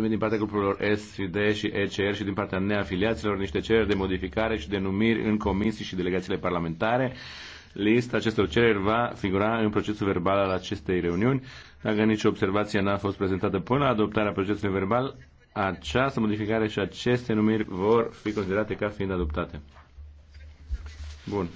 Primim din partea grupurilor S, D și ECR și din partea neafiliaților niște cereri de modificare și de numiri în comisii și delegațiile parlamentare. Lista acestor cereri va figura în procesul verbal al acestei reuniuni. Dacă nicio observație n-a fost prezentată până la adoptarea procesului verbal, această modificare și aceste numiri vor fi considerate ca fiind adoptate. Bun.